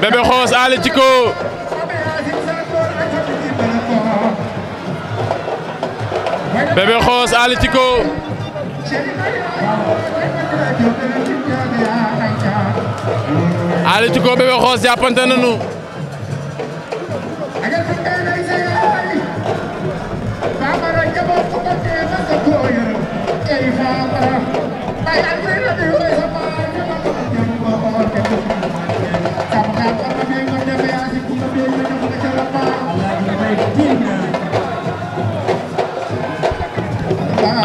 Bébé Xoos Aly Djiko Bébé Xoos Aly Djiko Aly Djiko Bébé Xoos jàppante nañu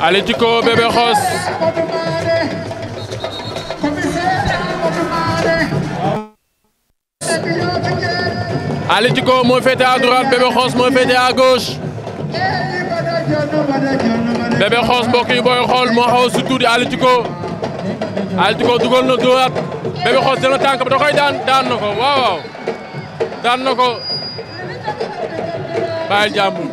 Aly Djiko Bébé Xoos Aly Djiko moo féete à droite Bébé Xoos moo féete à gauche Bébé Xoos mbokk yi booy xool moo xaw a su tuuti Aly Djiko Aly Djiko dugal na dóoraat Bébé Xoos dina tànk ba da koy daan daan na ko waaw daan na ko